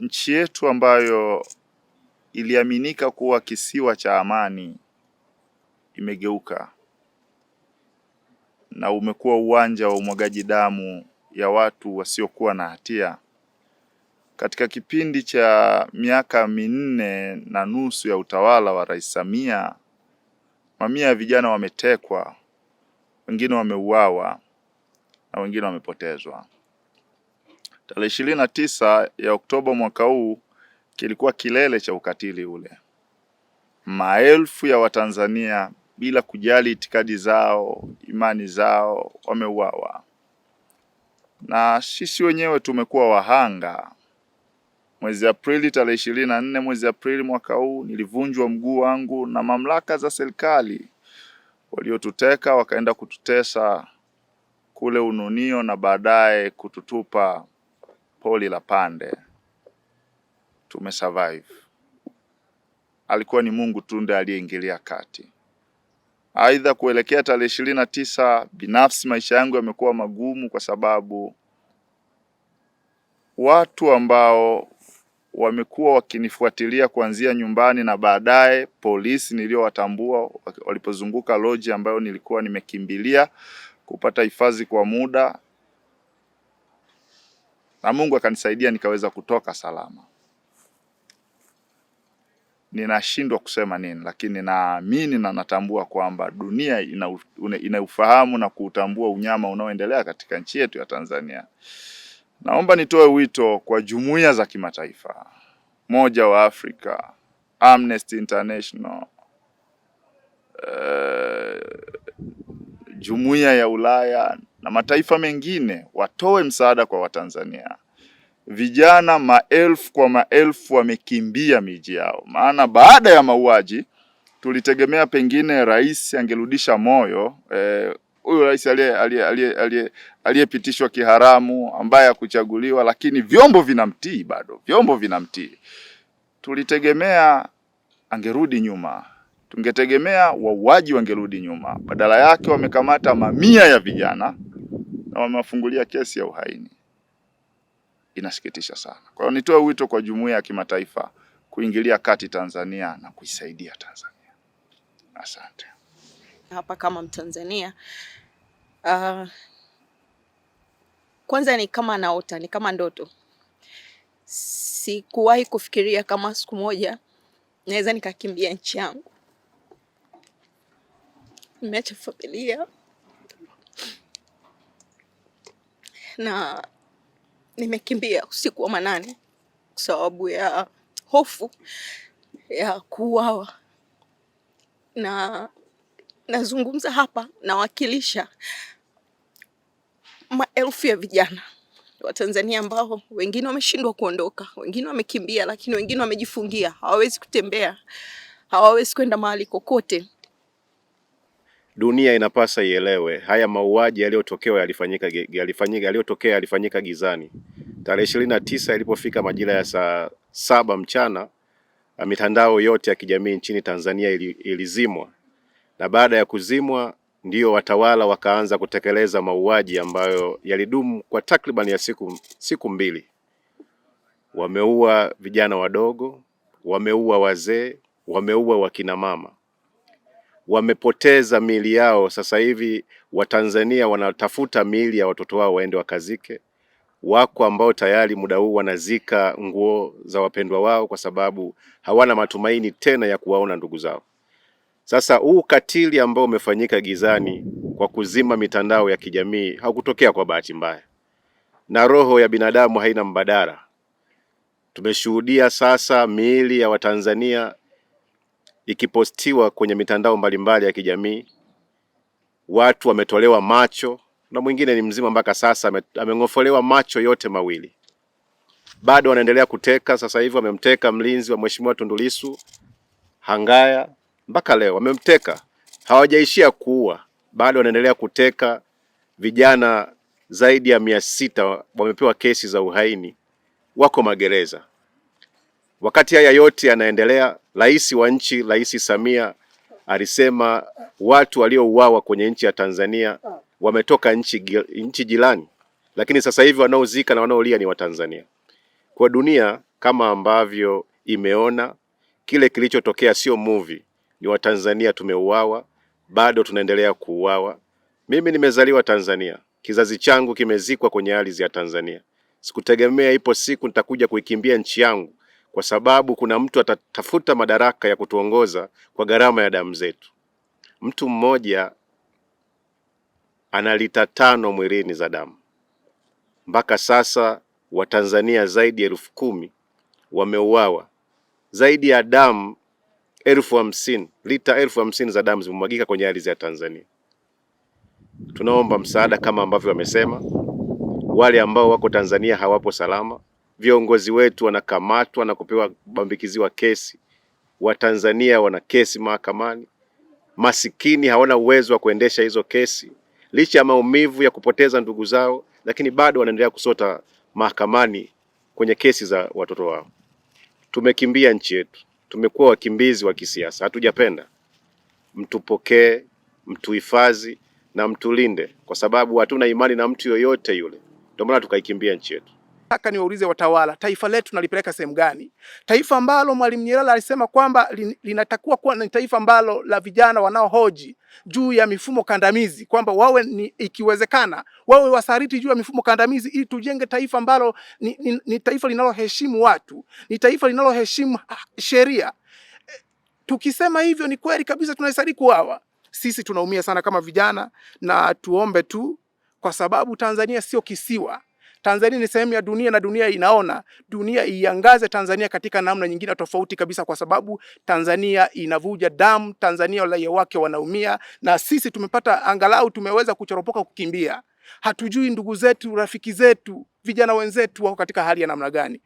nchi yetu ambayo iliaminika kuwa kisiwa cha amani imegeuka na umekuwa uwanja wa umwagaji damu ya watu wasiokuwa na hatia. Katika kipindi cha miaka minne na nusu ya utawala wa Rais Samia, mamia ya vijana wametekwa, wengine wameuawa na wengine wamepotezwa. Tarehe ishirini na tisa ya Oktoba mwaka huu kilikuwa kilele cha ukatili ule. Maelfu ya Watanzania bila kujali itikadi zao, imani zao, wameuawa na sisi wenyewe tumekuwa wahanga. Mwezi Aprili tarehe ishirini na nne mwezi Aprili mwaka huu nilivunjwa mguu wangu na mamlaka za serikali waliotuteka wakaenda kututesa kule Ununio na baadaye kututupa poli la Pande survive. Alikuwa ni Mungu tu ndiye aliyeingilia kati. Aidha, kuelekea tarehe ishirini na tisa, binafsi maisha yangu yamekuwa magumu kwa sababu watu ambao wamekuwa wakinifuatilia kuanzia nyumbani na baadaye polisi niliowatambua walipozunguka loji ambayo nilikuwa nimekimbilia kupata hifadhi kwa muda na Mungu akanisaidia nikaweza kutoka salama. Ninashindwa kusema nini, lakini naamini na natambua kwamba dunia ina, ina ufahamu na kuutambua unyama unaoendelea katika nchi yetu ya Tanzania. Naomba nitoe wito kwa jumuiya za kimataifa, moja wa Afrika, Amnesty International, uh, Jumuiya ya Ulaya na mataifa mengine watoe msaada kwa Watanzania. Vijana maelfu kwa maelfu wamekimbia miji yao, maana baada ya mauaji tulitegemea pengine rais angerudisha moyo huyu eh, rais aliyepitishwa kiharamu ambaye hakuchaguliwa, lakini vyombo vinamtii bado, vyombo vinamtii. Tulitegemea angerudi nyuma, tungetegemea wauaji wangerudi nyuma. Badala yake wamekamata mamia ya vijana na wamewafungulia kesi ya uhaini. Inasikitisha sana. Kwa hiyo nitoe wito kwa jumuiya ya kimataifa kuingilia kati Tanzania na kuisaidia Tanzania. Asante. Hapa kama Mtanzania uh, kwanza ni kama naota, ni kama ndoto. Sikuwahi kufikiria kama siku moja naweza nikakimbia nchi yangu, nimeacha familia na nimekimbia usiku wa manane kwa sababu ya hofu ya kuuawa, na nazungumza hapa nawakilisha maelfu ya vijana wa Tanzania ambao wengine wameshindwa kuondoka, wengine wamekimbia, lakini wengine wamejifungia, hawawezi kutembea, hawawezi kwenda mahali kokote dunia inapasa ielewe haya mauaji yaliyotokea yalifanyika yalifanyika yaliyotokea yalifanyika gizani. Tarehe ishirini na tisa ilipofika majira ya saa saba mchana, mitandao yote ya kijamii nchini Tanzania ilizimwa, na baada ya kuzimwa ndiyo watawala wakaanza kutekeleza mauaji ambayo yalidumu kwa takriban ya siku, siku mbili. Wameua vijana wadogo, wameua wazee, wameua wakinamama wamepoteza miili yao. Sasa hivi Watanzania wanatafuta miili ya watoto wao waende wakazike. Wako ambao tayari muda huu wanazika nguo za wapendwa wao, kwa sababu hawana matumaini tena ya kuwaona ndugu zao. Sasa huu katili ambao umefanyika gizani kwa kuzima mitandao ya kijamii haukutokea kwa bahati mbaya, na roho ya binadamu haina mbadala. Tumeshuhudia sasa miili ya Watanzania ikipostiwa kwenye mitandao mbalimbali ya kijamii, watu wametolewa macho na mwingine ni mzima mpaka sasa, ameng'ofolewa macho yote mawili. Bado wanaendelea kuteka. Sasa hivi wamemteka mlinzi wa mheshimiwa Tundu Lissu Hangaya, mpaka leo wamemteka. Hawajaishia kuua, bado wanaendelea kuteka. Vijana zaidi ya mia sita wamepewa kesi za uhaini, wako magereza. Wakati haya yote yanaendelea, rais wa nchi, Rais Samia alisema watu waliouawa kwenye nchi ya Tanzania wametoka nchi nchi jirani, lakini sasa hivi wanaozika na wanaolia ni Watanzania. Kwa dunia kama ambavyo imeona kile kilichotokea, sio movie, ni Watanzania tumeuawa, bado tunaendelea kuuawa. Mimi nimezaliwa Tanzania, kizazi changu kimezikwa kwenye ardhi ya Tanzania. Sikutegemea ipo siku nitakuja kuikimbia nchi yangu kwa sababu kuna mtu atatafuta madaraka ya kutuongoza kwa gharama ya damu zetu. Mtu mmoja ana lita tano mwilini za damu. Mpaka sasa Watanzania zaidi ya elfu kumi wameuawa, zaidi ya damu elfu hamsini lita elfu hamsini za damu zimemwagika kwenye ardhi ya Tanzania. Tunaomba msaada kama ambavyo wamesema, wale ambao wako Tanzania hawapo salama, viongozi wetu wanakamatwa na kupewa bambikiziwa kesi, Watanzania wana kesi mahakamani, masikini hawana uwezo wa kuendesha hizo kesi licha ya maumivu ya kupoteza ndugu zao, lakini bado wanaendelea kusota mahakamani kwenye kesi za watoto wao. Tumekimbia nchi yetu, tumekuwa wakimbizi wa kisiasa, hatujapenda. Mtupokee, mtuhifadhi na mtulinde, kwa sababu hatuna imani na mtu yoyote yule. Ndio maana tukaikimbia nchi yetu. Nataka niwaulize watawala, taifa letu nalipeleka sehemu gani? Taifa ambalo Mwalimu Nyerere alisema kwamba linatakiwa kuwa ni taifa ambalo la vijana wanaohoji juu ya mifumo kandamizi, kwamba wawe ni, ikiwezekana wawe wasariti juu ya mifumo kandamizi, ili tujenge taifa ambalo ni, ni, ni taifa linaloheshimu watu, ni taifa linaloheshimu sheria. Tukisema hivyo, ni kweli kabisa tunaisariku hawa. Sisi tunaumia sana kama vijana, na tuombe tu, kwa sababu Tanzania sio kisiwa Tanzania ni sehemu ya dunia na dunia inaona, dunia iangaze Tanzania katika namna nyingine tofauti kabisa, kwa sababu Tanzania inavuja damu, Tanzania raia wake wanaumia, na sisi tumepata angalau, tumeweza kuchoropoka kukimbia. Hatujui ndugu zetu, rafiki zetu, vijana wenzetu wako katika hali ya namna gani.